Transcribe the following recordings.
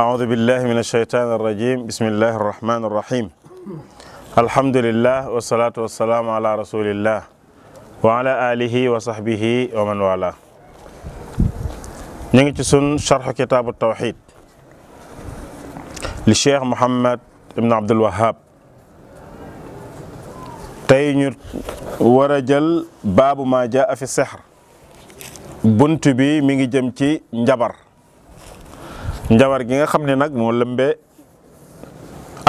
أعوذ بالله من الشيطان الرجيم بسم الله الرحمن الرحيم الحمد لله والصلاة والسلام على رسول الله وعلى آله وصحبه ومن والاه نيجي سن شرح كتاب التوحيد للشيخ محمد ابن عبد الوهاب tey ñu war a jël baabu ma jaa fi sixr bunt bi mi ngi jëm ci njabar njawar gi nga xam ne nag moo lëmbee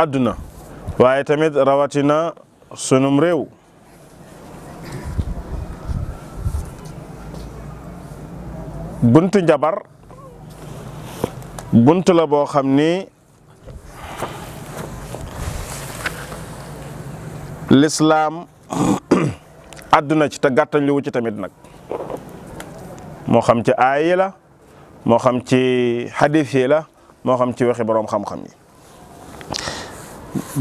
àdduna waaye tamit rawatina sunum réew buntu njabar bunt la boo xam ni lislaam àdduna ci te gàttañ lu ci tamit nag moo xam ci aay yi la moo xam ci xadis yi la moo xam ci wax borom xam-xam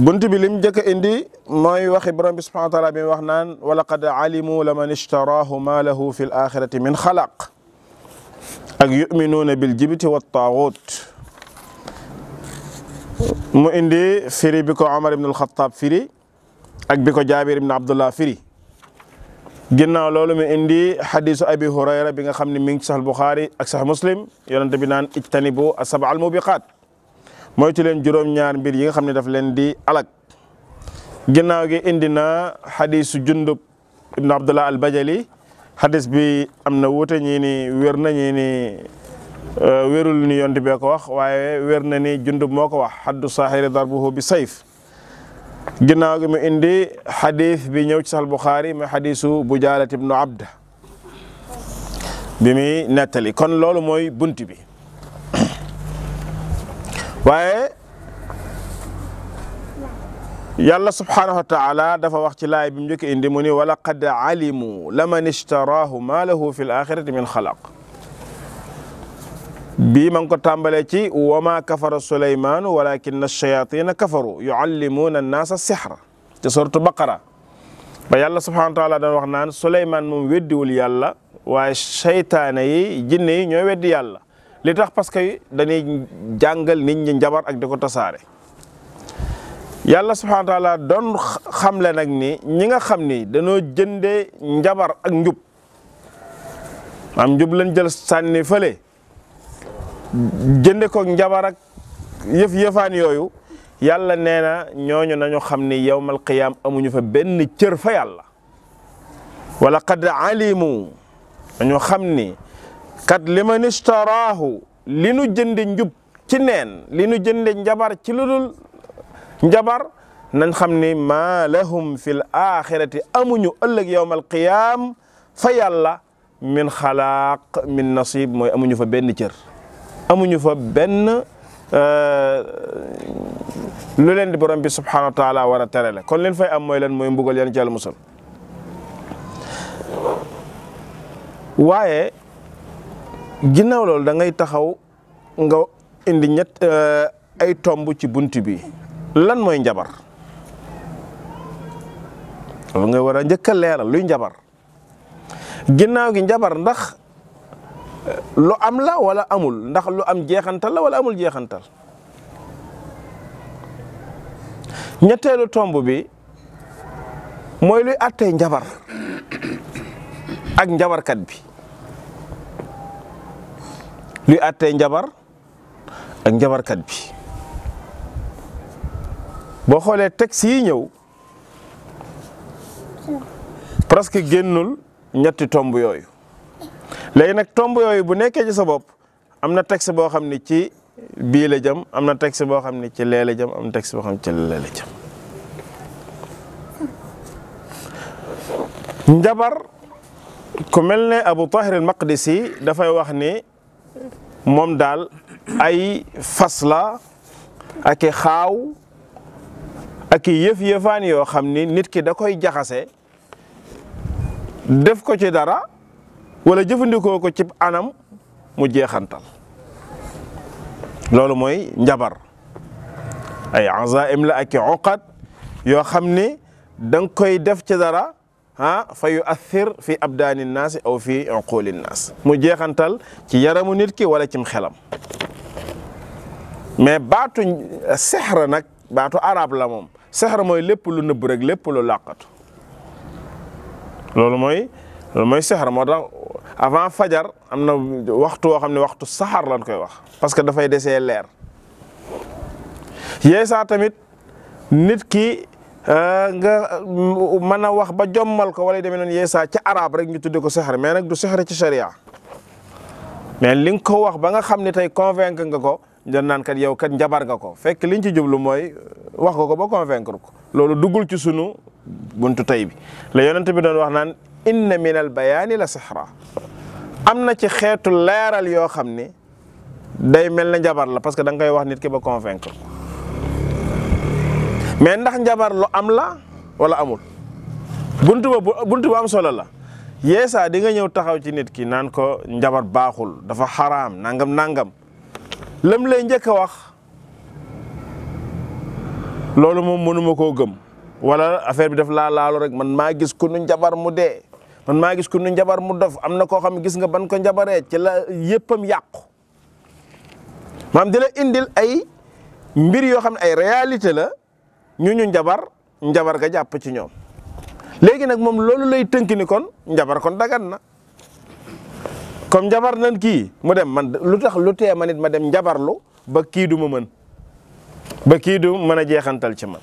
bunt bi lim njëkk indi mo waxi borom bi subhanahu wa taala wax naan wa laqad alimu laman ishtaraahu ma lahu fi l min xalaq ak yuminuuna bil jibti wa taaxut mu indi firi bi ko ibn al Khattab firi ak bi ko Jaabir ibn Abdullah firi ginnaaw loolu mi indi xadisu abi hurayra bi nga xam ne mi ngi ci sax buxaari ak sax muslim yonent bi naan ijtanibu asaba al mubiqaat moytu leen juróom-ñaar mbir yi nga xam ne daf leen di alak ginnaaw gi indi na xadisu jundub ibn abdullah al bajali xadis bi am na wuute ñii ni wér na ñii ni euh, wérul ni yonent bee ko wax waaye wér na ni jundub moo ko wax xaddu saaxiri darbuhu bi sayf ginnaaw gi mu indi xadis bi ñëw ci sax Buxaari ma xadisu Bujaalat ibnu Abd bi muy nettali kon loolu mooy bunt bi waaye yàlla subhaanahu wa taala dafa wax ci laay bi mu njëkk indi mu ni wa laqad alimu laman ishtaraahu ma lahu fi l min xalaq bi ma ngi ko tàmbalee ci wa maa kafara suleymaanu walakinna shayatina kafaru yuallimuuna annaasa sixra te suratu baqara ba yàlla subhanahu wa taala daan wax naan suleymaan moom weddiwul yàlla waaye seytaane yi jinne yi ñooy weddi yàlla li tax parce que dañuy jàngal nit ñi njabar ak di ko tasaare yàlla subhanahu taala doon xamle nag ni ñi nga xam ni dañoo jëndee njabar ak njub am njub lañ jël sànni fële jënde ko njabar ak yëf yëfaan yooyu yàlla nee na ñooñu nañu xam ni yawmal qiyaam amuñu fa benn cër fa yàlla wala qad alimu dañu xam ni kat li man istaraahu li nu jënde njub ci neen li nu njabar ci lu dul njabar nañ xam ni maa lahum fil axirati amuñu ëllëg yawmal qiyaam fa yàlla min xalaaq min nasib mooy amuñu fa benn cër amuñu fa benn euh, lu leen di borom bi subhanahu wa taala war a terale kon leen fay am mooy leen mooy mbugal yan ci yàlla waaye ginnaaw loolu da ngay taxaw nga indi ñett euh, ay tomb ci bunt bi lan mooy njabar loolu nga war a njëkk a leeral luy njabar ginnaaw gi njabar ndax lu am la wala amul ndax lu am jeexantal la wala amul jeexantal ñetteelu tomb bi mooy luy àttee njabar ak njabarkat bi luy àttee njabar ak njabarkat bi boo xoolee texte yi ñëw presque génnul ñetti tomb yooyu léegi nag tomb yooyu bu nekkee ci sa bopp am na texte boo xam ni ci bii la jëm am na texte boo xam ni ci lee la jëm am na texte xam ni ci njabar ku mel ne Abu Tahir al-Maqdisi dafay wax ni moom daal ay fas la ak xaaw ak yëf-yëfaan yoo xam ni nit ki da koy jaxase def ko ci dara wala jëfandikoo ko cib anam mu jeexantal loolu mooy njabar ay azaim la ak i uqad yoo xam ni da koy def ci dara ah fa yu athir fi abdaani naasi aw fi uquli naas mu jeexantal ci yaramu nit ki wala cim xelam mais baatu sexra nag baatu arab la moom sexra mooy lépp lu nëbb rek lépp lu làqatu loolu mooy loolu mooy avant fajar am na waxtu woo xam ne waxtu saxaar lañ koy wax parce que dafay desee leer yeesaa tamit nit ki euh, nga mën a wax ba jommal ko wala demee noonu yeesaa ca araab rek ñu tudde ko sexar mais nag du sexar ci sharia mais li nga ko wax ba nga xam ne tey convaincre nga ko dañ naan kat yow kat njabar nga ko fekk liñ ci jublu mooy wax nga ko ba convaincre ko loolu duggul ci sunu buntu tey bi la yonent bi doon wax naan inna minal bayaani la sixra am na ci xeetu leeral yoo xam ne day mel ne njabar la parce que da nga wax nit ki ba convaincre mais ndax njabar lu am la wala amul buntu ba am solo la yeesa di nga ñëw taxaw ci nit ki naan ko njabar baaxul dafa xaraam nangam nangam lam lay njëkk a wax loolu moom mënuma koo gëm wala affaire bi daf laa laalu rek man maa gis ku nu njabar mu dee man maa gis ku nu njabar mu dof am na koo xam gis nga ban ko njabaree ci la yëppam yàqu maam di indil ay mbir yoo xam ne ay réalité la ñuñu ñu njabar njabar ga jàpp ci ñoom léegi nag moom loolu lay tënk ni kon njabar kon dagan na comme njabar nan kii mu dem man lu tax lu tee ma nit ma dem njabarlu ba kii du ma mën ba kii du mën a jeexantal ci man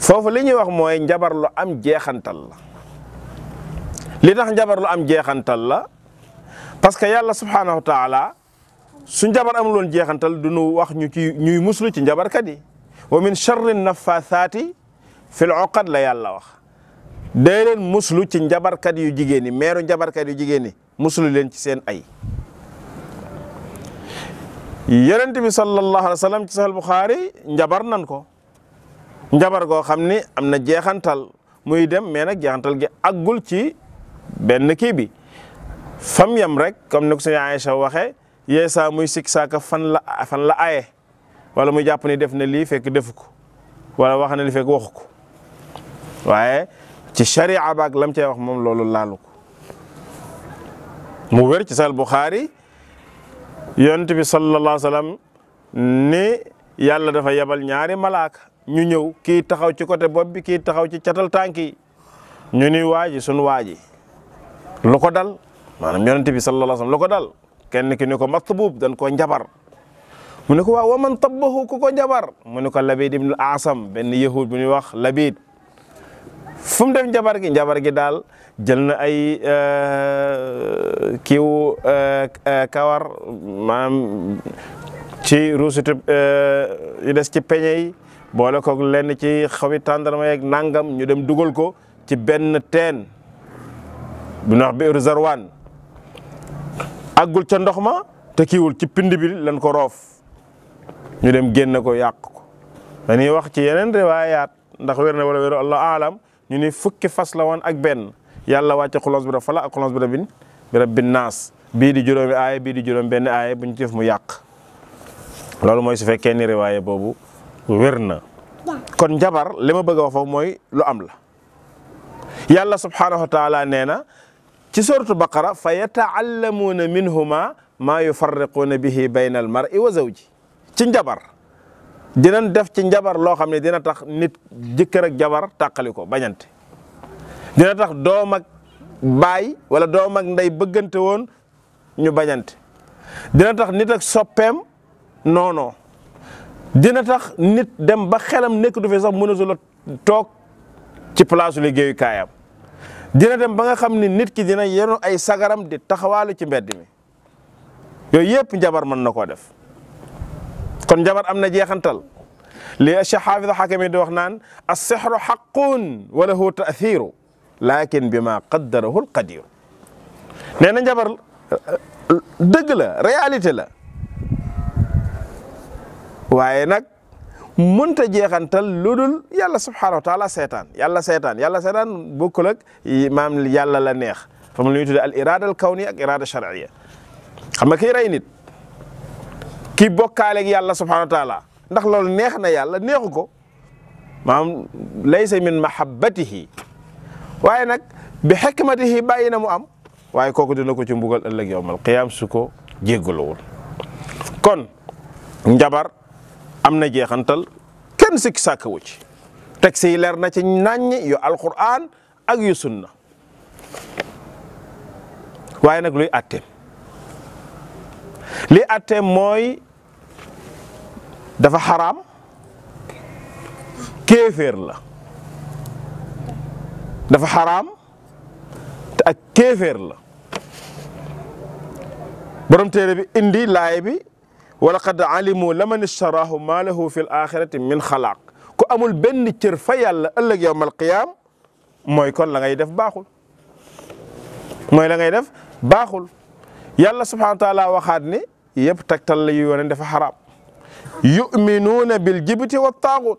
foofu li ñuy wax mooy lu am jeexantal la li tax njabar lu am jeexantal la parce que yàlla subhaanahu wa taala su njabar am woon jeexantal du nu wax ñu ci ñuy muslu ci njabarkat yi wa min charri nafathaati fil uqad la yàlla wax day leen muslu ci njabarkat yu jigéen ñi meeru njabarkat yu jigéen ñi muslu leen ci seen ay yonent bi sallallahu alayhi wa sallam ci sahal njabar nan ko njabar goo xam ni am na jeexantal muy dem mais nag jeexantal gi aggul ci benn kii bi fam yam rek comme ni ko suñu Aïcha waxee yeesaa muy sikk saaka fan la fan la aye wala muy jàpp ni def na lii fek defu ko wala wax na li fekk waxu ko waaye ci sharia baak lam ce wax moom loolu laalu ko mu wér ci sal Buxaari yonent bi sallallahu alayhi wa ni yàlla dafa yebal ñaari malaaka ñu ñëw kii taxaw ci côté bopp bi kii taxaw ci catal tànk yi ñu ni waaji sun waaji lu ko dal maanaam yonente bi sallallahu alayhi wasallam lu ko dal kenn ki ni ko matbuub dañ koo njabar mu ne ko waaw waman tabbahu ko jabar mu ne ko labid ibnu asam benn yahud bu ñuy wax labid fum mu jabar njabar gi njabar gi daal jël na ay eh, kiiwu eh, eh, kawar maanaam ci ruusute yu des ci peñe yi boole ko lenn ci xawi tàndarma yeeg nangam ñu dem dugal ko ci benn teen bu ñu wax biiru Zarwaan àggul ca ndox ma te kiiwul ci pind bi lañ ko roof ñu dem génn ko yàq ko dañuy wax ci yeneen riwaayaat ndax wér na wala wéru allahu ñu ni fukki fas la woon ak benn yàlla wàcce xulos bi da fala ak xulos bi rabbin naas bii di juróomi aaya bii di juróom benn aaya bu ñu mu yàq loolu mooy su fekkee ni riwaaya boobu wér kon njabar li ma bëgg a mooy lu am la yàlla subhaanahu wa taala na ci suratu baqara fa yataallamuuna minhuma maa yufarriquuna bihi bayna al mar'i wa zawji ci njabar dinañ def ci njabar loo xam ne dina tax nit jëkkër ak jabar tàqali ko bañante dina tax doom ak baay wala doom ak ndey bëggante woon ñu bañante dina tax nit ak soppeem noonoo dina tax nit dem ba xelam nekk du fi sax mënatul a toog ci place liggéeyu dina dem ba nga xam ni nit ki dina yenu ay sagaram di taxawaalu ci mbedd mi yooyu yëpp njabar mën na koo def kon njabar am na jeexantal li Cheikh Xaafis Xakami di wax naan al sixru xaqun wa lahu taathiru laakin bi ma qaddarahu alqadiru nee na njabar dëgg la réalité la waaye nag mënta jeexantal ludul yàlla subhaanahu wa taala seetaan yàlla seetaan yàlla seetaan bokkul ak maam yàlla la neex fa mu la ñuy al irada al kawni ak irada shar'iyya xam nga kii rey nit ki bokkaale ak yàlla subhaanahu ndax loolu neex na yàlla neexu ko maam laysa min mahabbatihi waaye nag bi hikmatihi bàyyi na mu am waaye kooku dina ko ci mbugal ëllëg yowmal qiyaam su ko jéggaluwul kon njabar am na jeexantal kenn sikki sàkkawu ci texte yi leer na ci naññ yu alquran ak yu sunna waaye nag luy atteem li atteem mooy dafa xaraam kéeféer la dafa xaraam te ak kéeféer la borom téere bi indi laay wa laqad alimu laman istaraahu maa lahu fi l axirati min xalaaq ku amul benn cër fa yàlla ëllëg yowm alqiyaam mooy kon la ngay def baaxul mooy la ngay def baaxul yàlla subhaanahu wa taala waxaat ni yëpp tegtal la yu wone dafa xaraam yuminuuna bil jibti wa taaxut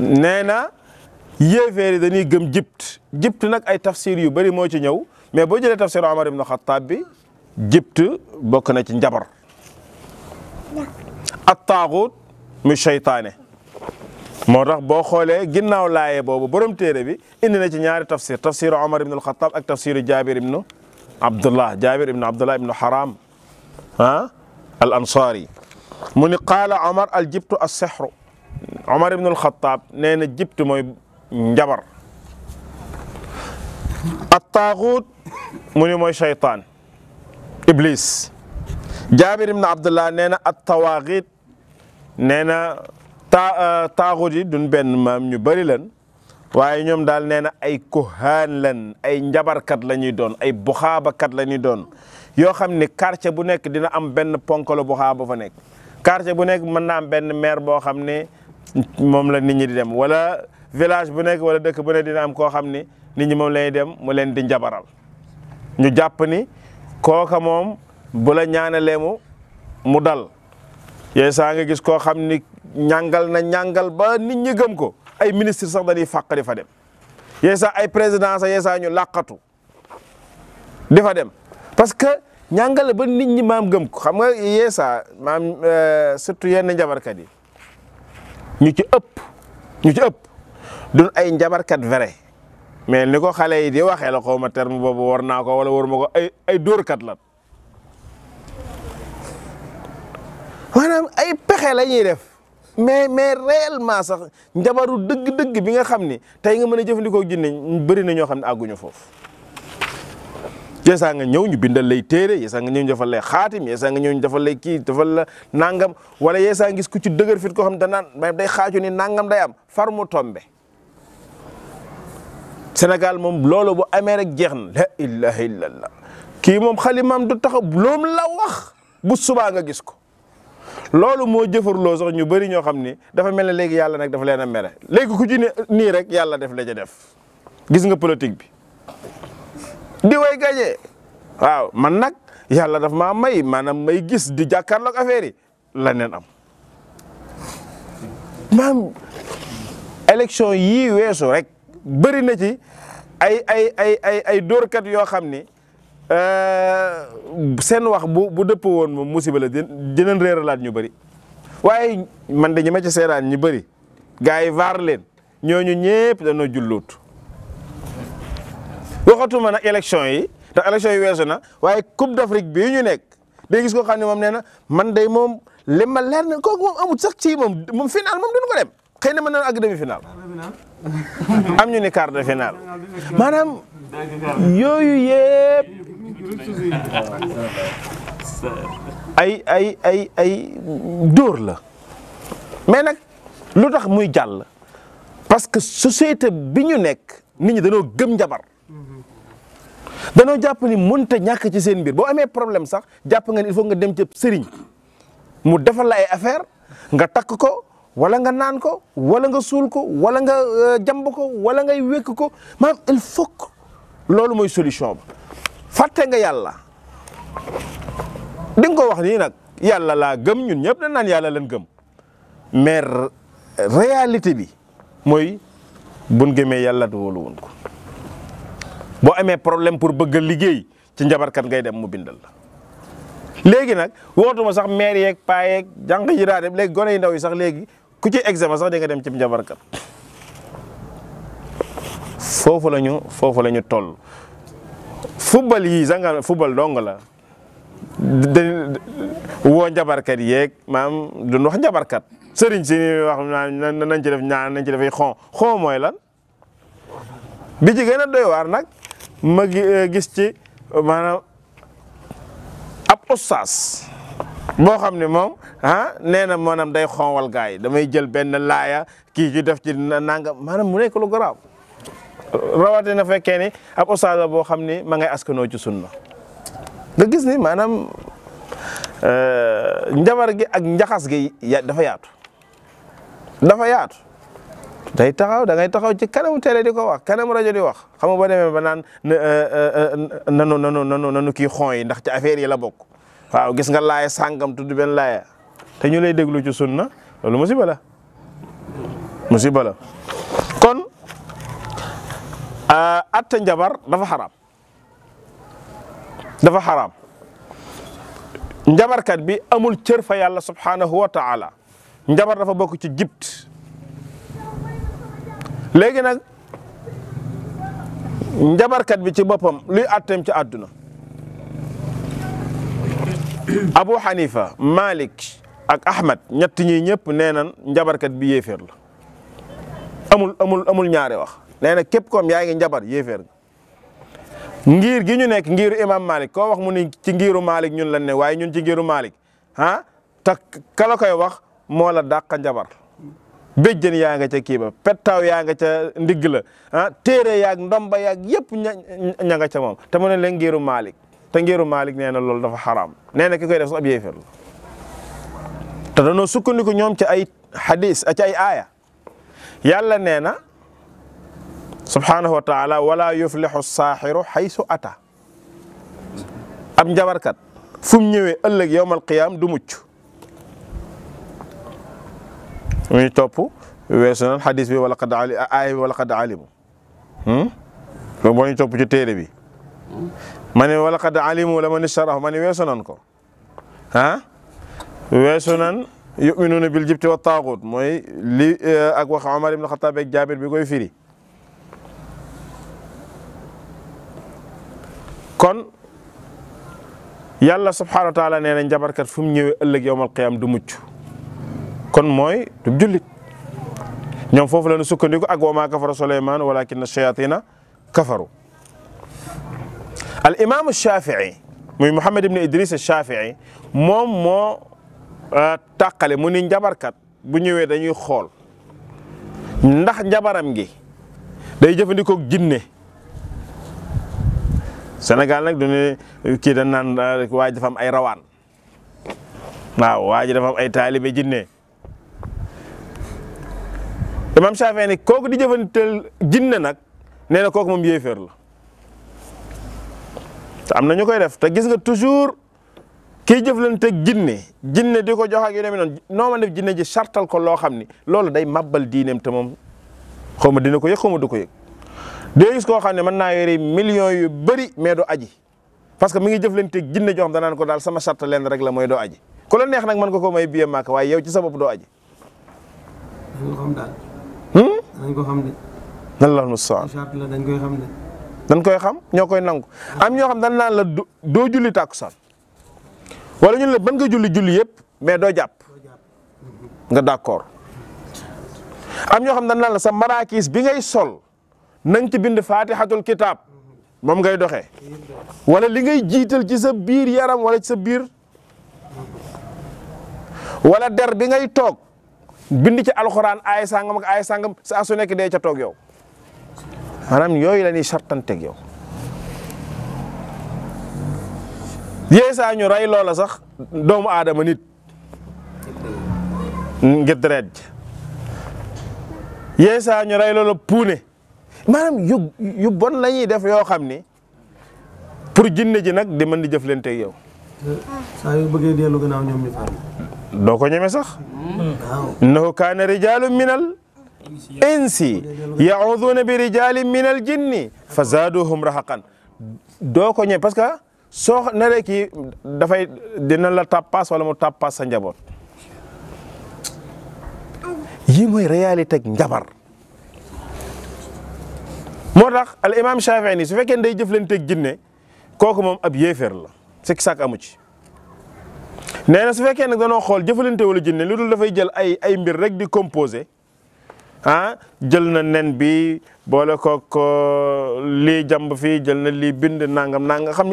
nee na yéeféer yi dañuy gëm jibt jibt nag ay tafsir yu bëri moo ci ñëw mais boo jëlee tafsir Omar ibn Xattaab bi jibt bokk na ci njabar ak taaxut mu seytaane moo tax boo xoolee ginnaaw laaye boobu borom téere bi indi na ci ñaari tafsir tafsiru Omar ibn al-Khattab ak tafsiru Jabir ibn Abdullah Jabir ibn Abdullah ibn Haram ah, al ansari mu ni qaala Omar al jibtu as sihru Omar ibn al-Khattab nee na jibt mooy njabar at taaxut mu ni mooy seytaan Iblis Jaabir ibn Abdullah nee na at tawaaxit nee na taa euh, taaxut yi duñ benn maam ñu bëri lan waaye ñoom daal nee na ay kuhaan lan ay njabarkat la ñuy doon ay buxaabakat la ñuy doon yoo xam ne quartier bu nekk dina am benn ponkalo buxaaba fa nekk quartier bu nekk mën naa am benn maire boo xam ne moom la nit ñi di dem wala village bu nekk wala dëkk bu dina am koo xam ne nit ñi moom la dem mu leen di njabaral ñu jàpp kooka moom bu la ñaanalee mu mu dal yee saa nga gis koo xam ni ñàngal na ñàngal ba nit ñi gëm ko ay ministre sax dañuy fàq di fa dem yee saa ay président sax saa ñu làqatu difa dem parce que ñàngale ba nit ñi maam gëm ko xam nga yee saa maam euh, surtout yenn njabarkat yi ñu ci ëpp ñu ci ëpp duñ ay njabarkat vrai mais ni ko xale yi di waxee la xaw ma terme boobu war naa ko wala war ma ko ay ay dóorkat la maanaam ay pexe la ñuy def mais mais réellement sax njabaru dëgg-dëgg bi nga xam ni tey nga mën a jëfandikoo jinne bari na ñoo xam ne àgguñu foofu yeesaa nga ñëw ñu bindal lay téere yeesaa nga ñëw ñu defal lay xaatim yeesaa nga ñëw ñu defal lay kii defal la nangam wala yeesaa gis ku ci dëgër fit koo xam ne danaan day xaaju ni nangam day am far mu tombe senegal moom loolu bu amee rek jeex na la ilaha illallah kii moom xalimaam du taxaw loom la wax bu subaa nga gis ko loolu moo jëfarloo sax ñu bari ñoo xam ni dafa mel ne léegi yàlla nag dafa leen a mere léegi ku ci nii rek yàlla def la def gis nga politique bi di way gagné waaw man nag yàlla def maa may maanaam may gis di jàkkaarloog affaire yi la neen am maam élection yii weesu rek bëri na ci ay ay ay ay ay dóorkat yoo xam ni euh, seen wax bu bu dëpp woon moom musiba la dinañ réeralaat ñu bëri waaye man de ma ci seeraan ñu bëri gars yi vaar leen ñooñu ñëpp dañoo julluut waxatuma na élection yi ndax élection yi weesu na waaye coupe d'Afrique bi ñu nekk day gis koo xam ne moom nee na man day moom li ma leer ko kooku moom amut sax ci moom moom final moom duñu ko dem xëy na mën na àgg demi final am ñu ni quart de maanaam yooyu yëpp ay ay ay ay la mais nag lu tax muy jàll parce que société bi ñu nekk nit ñi dañoo gëm njabar danoo jàpp ni mënta ñàkk ci seen mbir boo amee problème sax jàpp nga ni il nga dem ca sëriñ mu defal la ay affaire nga takk ko wala nga naan ko wala nga suul ko wala nga euh, jamb ko wala ngay wékk ko maanaam il faut que loolu mooy solution ba fàtte nga yàlla di nga ko wax nii nag yàlla laa gëm ñun ñëpp dañ naan yàlla lañ gëm mais réalité bi mooy buñ gëmee yàlla du wóolu woon ko boo amee problème pour bëgg liggéey ci njabarkat ngay dem mu bindal la léegi nag wootuma sax maire yeeg paa yeeg jànq yi daa dem léegi gone yu ndaw yi sax léegi ku ci examen sax di nga dem ci njabarkat foofu la ñu foofu lañu tol toll football yi sax nga football dong la dañ woo njabarkat yeeg maam duñ wax njabarkat sëriñ si wax nañ ci def ñaan nañ ci def xon xon mooy lan bi ci gën a doy waar nag ma gis ci maanaam ab ustaas boo xam ne moom ah, nee na maanaam day xonwal gars yi damay jël benn laaya kii ki def ci nangam maanaam mu nekk lu garaaw rawatina fekkee ni ab ustaas boo xam ni ma ngay askanoo ci sunna nga gis ni maanaam euh, njabar gi ak njaxas gi dafa yaatu dafa yaatu day taxaw da ngay taxaw ci kanamu télé di ko wax kanamu rajo di wax xam nga boo demee ba naan euh, euh, nanu nanu nanu nanu kii xon yi ndax ci affaire yi la bokk waaw gis nga laaya sàngam tudd benn laaya te ñu lay déglu ci sunna loolu musiba la musiba la kon euh, atta njabar dafa xaraam dafa xaraam njabarkat bi amul cër fa yàlla subhanahu wa taala njabar dafa bokk ci jibt léegi nag njabarkat bi ci boppam luy atteem ci àdduna Abu Hanifa Malik ak Ahmad ñett ñi ñëpp nee nan njabarkat bi amul amul amul ñaari wax nee na képp koom yaa ngi njabar yéeféer ngir gi ñu nekk ngiru imam Malik koo wax mu ni ci ngiru Malik ñun lan ne waaye ñun ci ngiru Malik ah te kala koy wax moo la dàqa njabar béjjën yaa nga ca kii ba pettaaw yaa nga ca ndigg la ah téere yaag ndomba yaag yëpp ña ca moom te mu ne leen ngiru Malik te ngeeru Malick nee na loolu dafa xaraam nee na ki koy def sax ab yéefar la te danoo sukkandiku ñoom ci ay xadis ci ay yàlla nee na subhaanahu wa taala wala yuflixu saaxiru xaysu ata ab njabarkat fu ñëwee ëllëg yowmal qiyaam du mucc muy topp weesu nan xadis bi wala qad aaya bi wala qad alimu hmm? loolu moo ñu topp ci téere bi ma ne wala qad alimu la man ishtarahu ma ne weesu nan ko ah weesu nan yuminuuna bil jibti wa taaxut mooy li eh, ak wax Omar ibn Xataab ak Jaabir bi koy firi kon yàlla subhaanahu wa taala nee na njabarkat fu mu ñëwee ëllëg du mucc kon mooy du jullit ñoom foofu la ñu sukkandiku ak wa maa kafara Suleymaan walakinna shayaatiina kafaru al imaamu Shafii muy Mouhamed ibn Idris Shafii moom moo euh, tàqale mu ni njabarkat bu ñëwee dañuy xool ndax jabaram gi day jëfandikoo jinne senegal nak du ne kii dañ naan euh, waa ji dafa am ay rawaan waaw waa ji dafa ay taalibe jinne imaam Shafii ni kooku di jëfandikoo jinne nag nee kook kooku moom yéeféer la. te am na ñu koy def te gis nga toujours kiy jëflanteeg jinne jinne di ko jox ak yu demee noonu noo man def jinne ji sartal ko loo xam ni loolu day màbbal diineem te moom xaw ma dina ko yëg xaw ma du ko yëg. day gis koo xam ne mën naa yore millions yu bëri mais du aji parce que mi ngi jëflanteeg jinne joo xam danaan ko daal sama sart leen rek la mooy doo aji ku la neex nag mën nga ko may biye màkk waaye yow ci sa bopp doo aji. dañ ko xam daal. Hmm? dañ ko xam de. lan la dañ koy xam de. dañ koy xam ñoo koy nangu am ñoo xam dañ naan la doo julli tàkkusaan wala ñu ne la ban nga julli julli yëpp mais doo jàpp nga d'accord am ñoo xam dañ naan la sa maraakiis bi ngay sol na ci bind faatixatul kitaab moom ngay doxe wala li ngay jiital ci sa biir yaram wala ci sa biir wala der bi ngay toog bind ci alxuraan ay sàngam ak ay sàngam sa asu nekk dee ca toog yow. maanaam yooyu la ñuy sartanteeg yow yeesaa ñu rey loola sax doomu aadama nit ngir deret yeesaa ñu rey loola puune maanaam yu yu bon la def yoo xam ni pour jinne ji nag di mën di jëflanteeg yow. doo ko ñeme sax. waaw. Hmm. Hmm. kaana rijaalun minal insi yauduna bi rijalin min al fa zaaduhum rahaqan doo ko ñe parce que soo naree kii dafay dina la tappaas wala mu tappaas sa njaboot yi mooy réalité ak njabar moo tax al imam Shafii ni su fekkee day jëflanteeg jinne kooku moom ab yéeféer la sikk sàkk amu ci nee na su fekkee nag danoo xool jëflante wala jinne lu dul dafay jël ay ay mbir rek di composé ah jël na nen bi boole kook lii jàmb fii jël na lii bind nangam nangam xam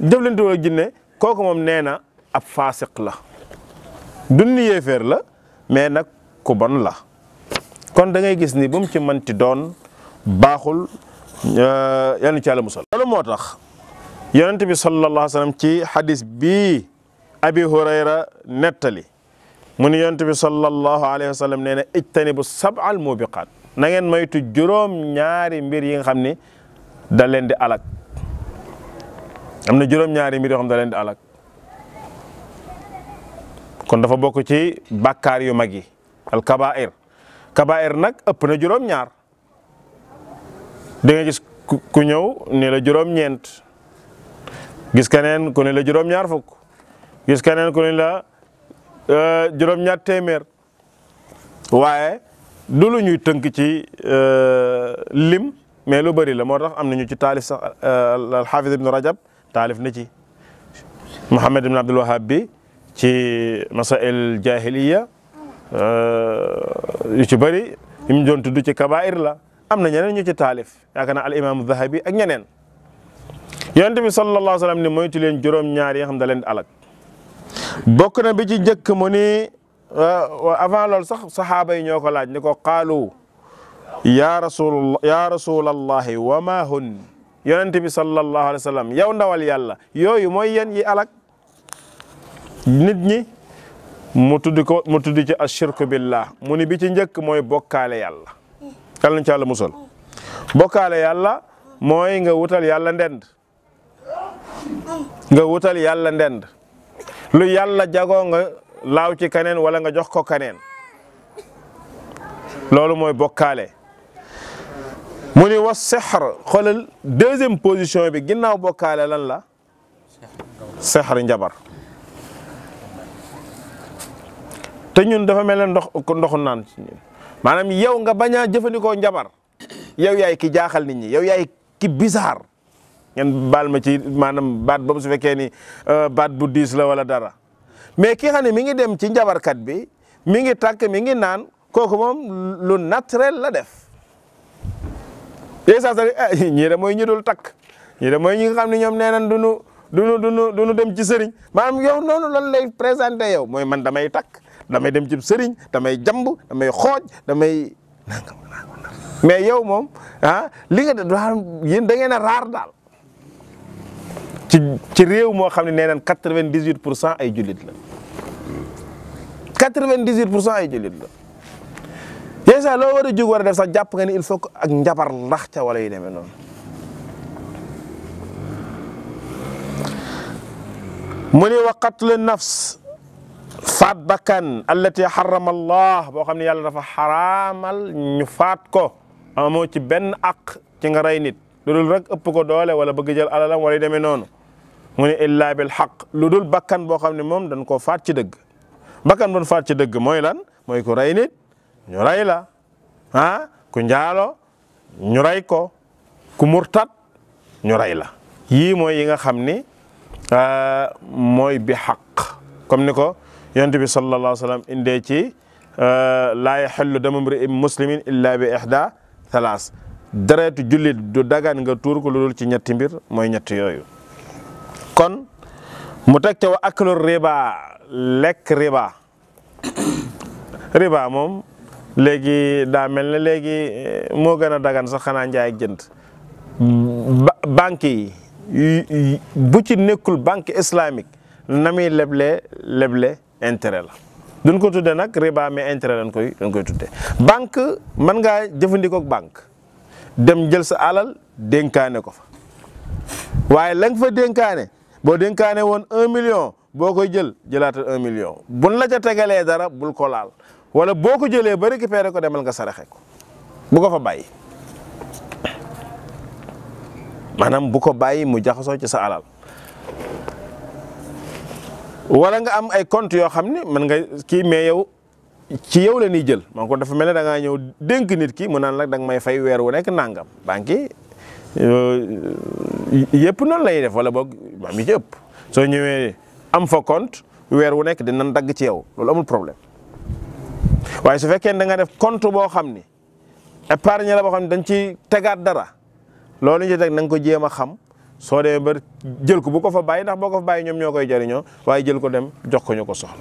jëflante wala jinne kooku moom nee na ab faasiq la dun ni la mais nag ku bon la kon da gis ni bu mu ci mënti doon baaxul euh, yal na ci yàlla musal loolu moo tax yonent bi sallallahu alayhi ci hadis bi abi hurayra nettali mu ni yonent bi sallallahu alayhi wa sallam nee na ijtanibu sab'al mubiqaat na ngeen moytu juróom ñaari mbir yi nga xam ni da leen di alak am na juróom ñaari mbir yoo xam da leen di alak kon dafa bokk ci bakkaar yu mag yi al kabair kabair nag ëpp na juróom ñaar di gis ku ñëw ne la juróom ñeent gis keneen ku ne juróom ñaar fukk gis keneen ku ne Euh, juróom-ñaar téeméer waaye du lu ñuy tënk ci euh, lim mais lu bëri la moo tax am nañu ci taalif sax euh, alxaafis ibnu rajab taalif na ci Muhammad ibn Abdul bi ci masail jahiliya yu ci bëri yi mu doon tudd ci kabair la am na ñeneen ñu ci taalif yaakaar na al imaamu Zahabi ak ñeneen yonent bi sallallahu alayhi wa sallam ne moytu leen juróom-ñaar yi nga xam da leen di bokk na bi ci njëkk mu ni uh, avant loolu sax saxaaba yi ñoo ko laaj ni ko qaalu yaa rasul yaa rasulallahi wa ma hun yonent bi sallallahu alayhi wa sallam yow ndawal yàlla yooyu mooy yéen yi alak nit ñi mu tudd ko mu tudd ci ashirku billah mu ni bi ci njëkk mooy bokkaale yàlla yàlla nañ ci yàlla musal bokkaale yàlla mooy nga wutal yàlla ndend nga wutal yàlla ndend lu yàlla jagoo nga laaw ci kaneen wala nga jox ko kaneen loolu mooy bokkaale mu ni was sexar xoolal deuxième position bi ginnaaw bokkaale lan la sexar njabar te ñun dafa mel ne ndox ndoxu naan maanaam yow nga bañ a jëfandikoo njabar yow yaay ki jaaxal nit ñi yow yaay ki bizarre ngeen baal ma ci maanaam baat boobu su fekkee ni euh, baat bu diis la wala dara mais ki xam ne mi ngi dem ci njabarkat bi mi ngi tàkk mi ngi naan kooku moom lu naturel la def léegi saa sa ñii mooy ñu dul takk ñii de mooy ñi nga xam ne ñoom nee nañ du nu du dem ci sëriñ maanaam yow noonu loolu lay présenté yow mooy man damay takk damay dem ci sëriñ damay jamb damay xooj damay nangam nangam mais yow moom ah li nga de yéen da ngeen a raar daal. ci ci réew moo xam ne nee nan quatre-vingt-dix-huit pour cent ay jullit la quatre vingt ay jullit loo war a jóg war a def sa jàpp nga ni il faut ak njabar ndax ca wala yu demee noonu mu ne wa qatlu nafs faat bakkan allati xarama allah boo xam ne yàlla dafa xaraamal ñu faat ko amoo ci benn ak ci nga rey nit loolu rek ëpp ko doole wala bëgg jël alalam wala yu demee noonu mu ne illaa bil xaq lu dul bakkan boo xam ne moom dañ koo faat ci dëgg bakkan buñ faat ci dëgg mooy lan mooy ku rey nit ñu rey la ah ku njaalo ñu rey ko ku murtat ñu rey la yii mooy yi nga xam ni ah, mooy bi xaq comme ni ko yonent bi sallallahu alayhi wa indee ci ah, laa yaxillu damu mri'in muslimin illa bi ihda thalaas deretu jullit du dagan nga tuur ko lu ci ñetti mbir mooy ñetti yooyu kon mu teg te wa aklu riba lekk riba riba moom léegi daa mel ne léegi eh, moo gën a dagan sax xanaa njaay ak jënd yi bu ci nekkul banque islamique na muy leble leble intérêt la duñ ko tuddee nag riba mais intérêt lañ koy dañ koy tuddee banque mën ngaa jëfandikoo ak dem jël sa alal dénkaane ko fa waaye la fa dénkaane boo dénkaane woon un million boo koy jël jëlaatal un million bun la ca tegalee dara bul ko laal wala boo ko jëlee ba récupéré ko demal nga saraxe ko bu ko fa bàyyi maanaam bu ko bàyyi mu jaxasoo ci sa alal wala nga am ay compte yoo xam ne mën nga kii mais yow ci yow la ñuy jël man ko dafa mel ne da ñëw dénk nit ki mu naan lag dang may fay weer wu nekk nangam banque Euh, yëpp noonu lay def wala boog am yi ci soo ñëwee am fa compte weer wu nekk dinañ dagg ci yow loolu amul problème waaye su fekkee da nga def contre boo xam ni épargne la boo xam ne dañ ci tegaat dara loolu ñu ci teg na ko jéem a xam soo dee ba jël ko bu ko fa bàyyi ndax boo ko fa bàyyi ñoom ñoo koy jariñoo waaye jël ko dem jox ko ñu ko soxla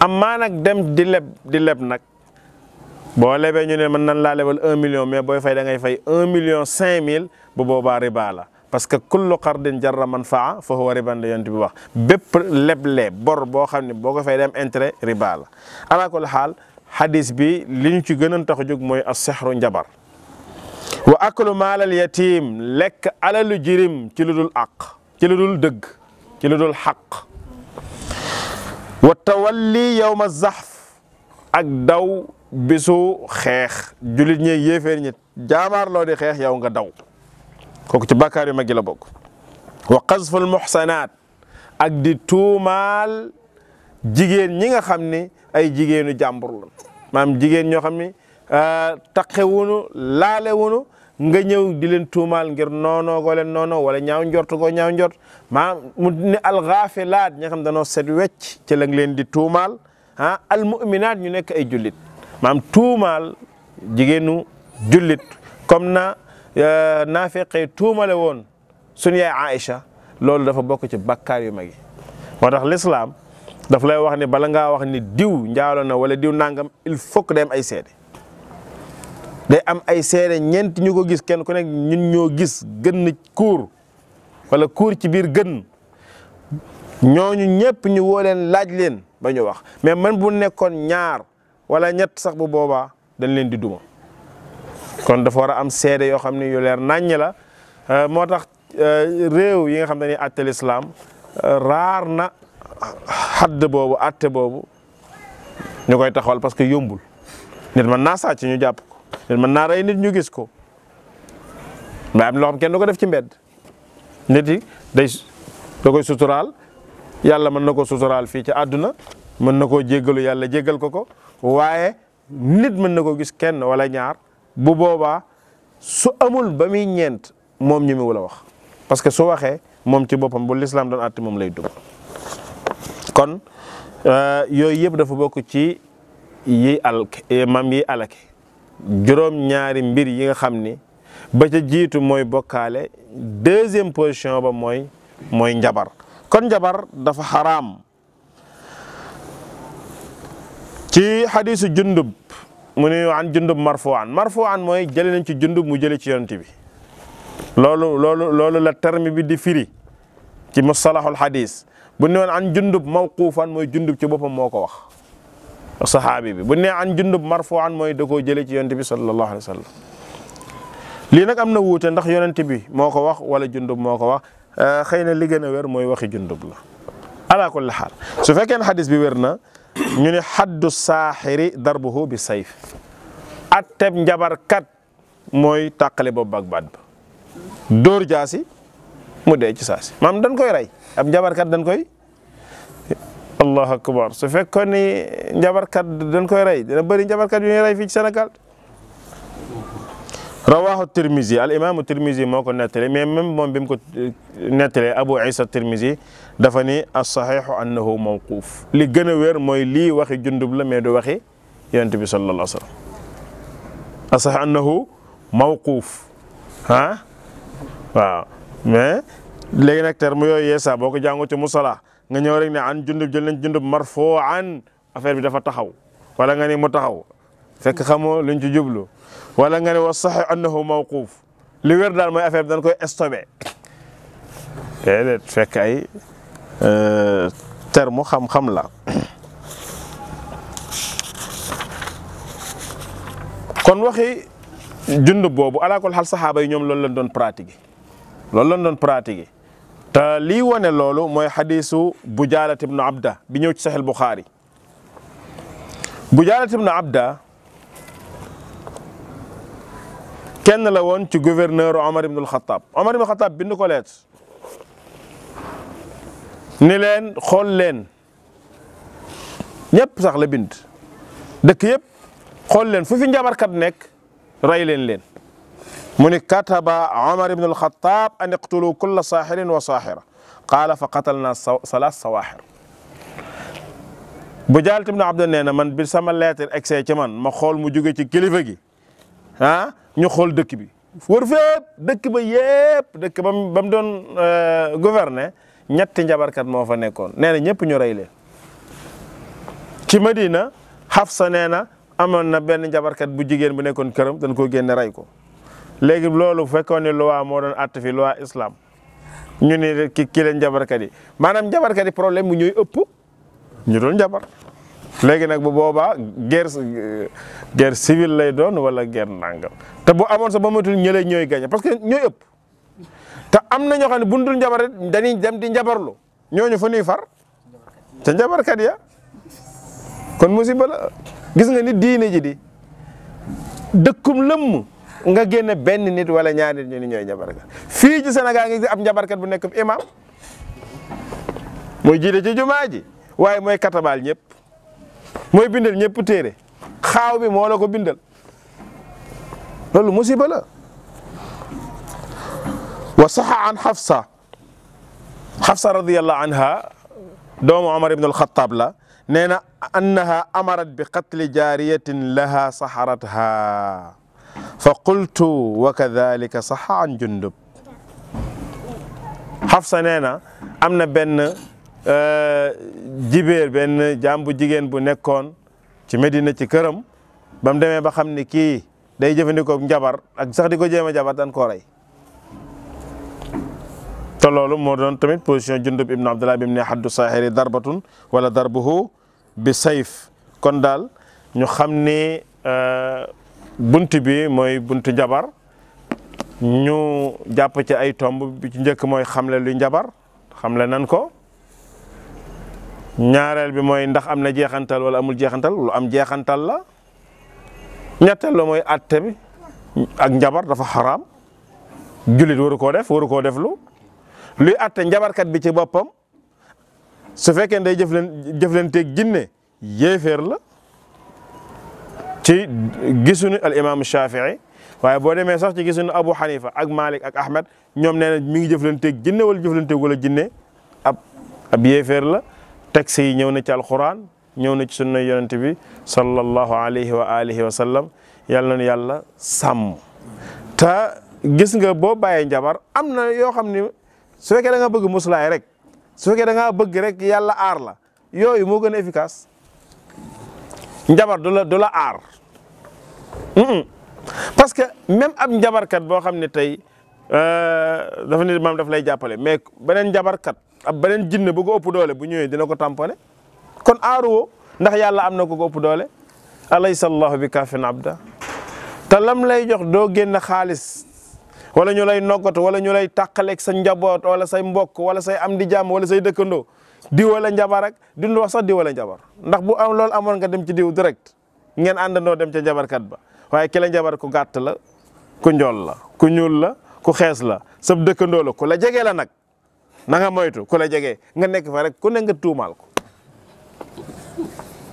am maa nag dem di leb di leb nag. boo lebee ñu ne mën nan laa lebal un million mais booy fay da ngay fay un million cinq mille bu boobaa riba la parce que kullu qardin jarra manfaa fa huwa riban la yonent bi wax bépp leble bor boo xam ne boo ko fay dem intérêt riba la ala kulli hadis bi li ñu ci gënoon tax a jóg mooy a sexru njabar wa aklu maalal yatim lekk alalu jirim ci lu dul àq ci lu dul dëgg ci lu dul xaq wa tawalli yawma zahf ak daw bisu xeex julit ñi yéeféer ñi jaamaar loo di xeex yow nga daw kooku ci bàkkaar ma mag yi bokk wa qazful muhsanaat ak di tuumaal jigéen ñi nga xam ni ay jigéenu jàmbur la maam jigéen ñoo xam ne euh, laale laalewunu nga ñëw di leen tuumaal ngir noonoo goo leen noonoo wala ñaaw njort goo ñaaw njort maam mu ne alxaafilaat ñi nga xam danoo set wecc ci la leen di tuumaal ah almuminaat ñu nekk ay jullit maam tuumaal jigéenu jullit comme na euh, naafeqee tuumale woon suñu yaay Aïcha loolu dafa bokk ci bakkaar yu mag yi moo tax lislaam daf lay wax ne bala ngaa wax ni diw njaalo na wala diw nangam il faut day am ay seede day am ay seede ñeent ñu ko gis kenn ku nekk ñun ñoo gis gën kuur wala kuur ci biir gën ñooñu ñëpp ñu woo leen laaj leen ba ñu wax mais man bu nekkoon ñaar. wala ñett sax bu boobaa dañ leen di duma kon dafa war a am seede yoo xam ne yu leer naññ la euh, moo tax euh, réew yi nga xam ne ni àtte lislaam euh, raar na xadd boobu àtte boobu ñu koy tax taxawal parce que yombul nit mën naa sàcc ñu jàpp ko nit mën naa rey nit ñu gis ko mais am loo xam kenn du ko def ci mbedd nit yi day da koy suturaal yàlla mën na ko suturaal fii ci àdduna mën na koo jéggalu yàlla jéggal ko ko waaye nit mën na koo gis kenn wala ñaar bu boobaa su amul ba muy ñeent moom ñu mi wula wax parce que su waxee moom ci boppam bu lislaam doon àtte moom lay dugg kon euh, yooyu yëpp dafa bokk ci yi alk mam yi alake juróom ñaari mbir yi nga xam ni ba ca jiitu mooy bokkaale deuxième position ba mooy mooy njabar kon njabar dafa xaraam ci xadisu jundub mu ne an jundub marfuan marfuan mooy jële nañ ci jundub mu jële ci yonent bi loolu loolu la terme bi di firi ci mustalahul xadis bu ne woon an jundub mawquufan mooy jundub ci boppam moo ko wax saxaabi bi bu ne an jundub marfuan mooy da koo jële ci yonent bi sallallahu alayhi wa sallam lii nag am na wuute ndax yonent bi moo ko wax wala jundub moo ko wax xëy na li gën a wér mooy waxi jundub la ala kulli xaal su fekkee xadis bi wér na ñu ne xaddu saaxiri darbuhu bi sayf atteb kat mooy tàqale boobu ak baat ba dóor jaasi mu dee ci saasi maam dañ koy rey ab njabarkat dañ koy allahu akbar su fekkoon ni njabarkat dañ koy rey dina bari njabarkat yu ñuy rey fii ci Sénégal rawaahu tirmisi al imaamu tirmisi moo ko nettali mais même moo bi ko euh, nettalee abu isa tirmisi dafa ni as saxiixu annahu mawquuf li gën a wér mooy lii waxi jundub la mais du waxi yonent bi sallallahu alayhi wa sallam as saxiixu annahu mawquuf ah waaw mais léegi yooyu yeesa boo ko jàngoo ci musala nga ñëw rek ne an jundub jël nañ jundub marfuan affaire bi dafa taxaw wala nga ni mu taxaw fekk xamoo luñ ci jublu. wala nga ne wa saxi annahu mawquuf li wér daal mooy affaire bi dañ koy stoppé déedéet fekk ay euh, terme la kon waxi jund boobu alaakul xal saxaaba yi ñoom loolu lañ doon pratiquer loolu lañ doon pratiquer te lii wane loolu mooy xadiisu Bujaalat ibnu Abda bi ñëw ci Saxiix Buxaari Bujaalat ibnu Abda kenn la woon ci gouverneur Omar ibn al-Khattab Omar ibn al-Khattab bind ko leet ni leen xool leen ñëpp sax la bind dëkk yëpp xool leen fu fi njabarkat nekk rey leen leen mu ni kataba Omar ibn al-Khattab an iqtulu kulla saaxirin wa saaxira qaala fa qatalna salaas sawaaxir bu jaalt ibn Abdu nee na man bi sama leetar egsee ci man ma xool mu jóge ci kilifa gi ah ñu xool dëkk bi wër fépp dëkk ba yépp dëkk ba mu ba mu doon euh, gouverner ñetti njabarkat moo fa nekkoon nee na ñëpp ñu rey leen ci Madina Hafsa nee na amoon na benn njabarkat bu jigéen bu nekkoon këram dañ ko génne rey ko léegi loolu bu fekkoon ne loi moo doon àtt fi loi islam ñu ne ki ki leen njabarkat yi maanaam njabarkat yi problème mu ñuy ëpp ñu doon njabar. léegi nag bu boobaa guerre guerre civile lay doon wala guerre nangam te bu amoon sa ba matul ñëlee ñooy gagné parce que ñooy ëpp te am na ñoo xam ne bu dul njabar dañuy dem di njabarlu ñooñu fu ñuy far te njabarkat ya kon musiba la gis nga ni diine ji di dëkkum lammu nga génne benn nit wala ñaari nit ñu ñooy njabarkat fii ci Sénégal nga gis ab njabarkat bu nekk imam mooy jiite ci jumaa ji waaye mooy katabaal ñëpp mooy bindal ñëpp téere xaaw bi moo la ko bindal loolu musiba la wa saxa an xafsa xafsa radiallahu anha doomu omar ibn alxataab la nee na annaha amarat bi qatli jaariyatin laha saxaratha fa qultu wa kadalika saxa an jundub xafsa nee na am na benn Euh, jibéer benn jaam bu jigéen bu nekkoon ci Medina ci këram ba mu ba xam ni kii day jëfandikoo njabar ak sax di ko jéem a jabar dan koo rey te loolu moo doon tamit position Jundub ibn Abdullah bi mu ne xaddu saaxiri darbatun wala darbuhu bi sayf kon daal ñu xam ni euh, bunt bi mooy buntu jabar ñu jàpp ci ay tomb bi ci njëkk mooy xamle luy njabar xamle nan ko ñaareel bi mooy ndax am na jeexantal wala amul jeexantal lu am jeexantal la ñetteel la mooy atte ak njabar dafa xaraam jullit waru koo def waru koo def lu luy atte njabarkat bi ci boppam su fekkee day jëflen jëflanteeg jinne yéeféer la ci gisuñu al imam Shafii waaye boo demee sax ci gisuñu Abu Hanifa ak Malik ak Ahmed ñoom nee na mi ngi jëflanteeg jinne wala jëflanteeg wala jinne ab ab la texte yi ñëw na ci alquran ñëw na ci sunna yonent bi sallallahu alayhi wa alihi wa sallam yàlla na yàlla sàmm te gis nga boo bàyyee njabar am na yoo xam ne su fekkee da bëgg muslaay rek su fekkee da bëgg rek yàlla aar la yooyu moo gën a efficace njabar du la du la aar parce que ab njabarkat boo xam ne tey euh, dafa ne daf lay jàppale mais beneen njabarkat ab beneen jinne bu ko ëpp doole bu ñëwee dina ko tamponné kon aaruwoo ndax yàlla am na ko ko ëpp doole alaysa allahu bi kaafin abda te lam lay jox doo génn xaalis wala ñu lay noggatu wala ñu lay tàqaleeg sa njaboot wala say mbokk wala say am di jàmm wala say dëkkandoo di wala njabar ak di wax sax di wala njabar ndax bu am loolu amoon nga dem ci diw direct ngeen àndandoo dem ca njabarkat ba waaye ki la njabar ku gàtt la ko njool la ku ñuul la ku xees la sab dëkkandoo la ko la jege la nag nanga nga moytu ku la jege nga nekk fa rek ku ne nga tuumaal ko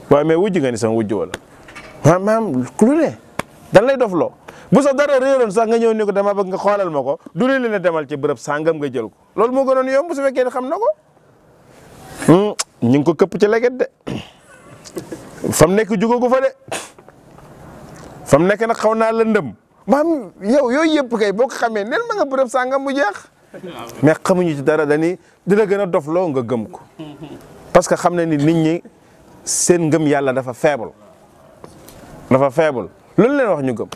waaye mais wujj nga ni sama wujj wala maam maam lu ne dan lay dofloo bu sa dara réeroon sax nga ñëw ni ko dama bëgg nga xoolal ma ko du li la demal ci bërëb sàngam nga jël ko loolu moo gënoon yomb bu su fekkee xam na ko hmm, ñu ngi ko këpp ci leget de fam nekk jugagu fa de fam nekk na xaw naa lëndëm maam yow yooyu yëpp kay boo ko xamee nel ma nga bërëb sàngam mu mais xamuñu ci dara dañuy dina gën a dofloo nga gëm ko parce que xam na ni nit ñi seen ngëm yàlla dafa faible dafa faible loolu leen wax ñu gëm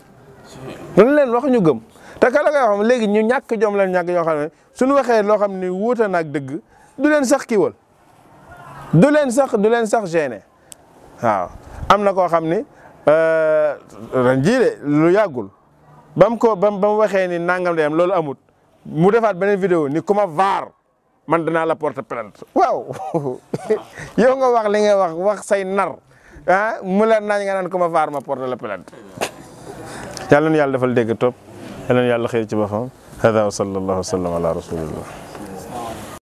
loolu leen wax ñu gëm te ka la koy wax léegi ñu ñàkk jom leen ñàkk ñoo xam ne suñu waxee loo xam ne wuute na ak dëgg du leen sax kiiwal du leen sax du leen sax gêné waaw am na koo xam ni euh, ren jii de lu yàggul bam ko bam ba mu waxee ni nangam leen am loolu amut mu defaat beneen vidéo ni ku ma vaar man danaa la port plainte waaw yow nga wax li nga wax wax say nar ah mu la naañ nga naan ku ma vaar ma porter la plainte yàlla na yàlla defal dégg topp yàlla na yàlla xëy ci boppam hada wa sallallahu wa sallam ala rasulillah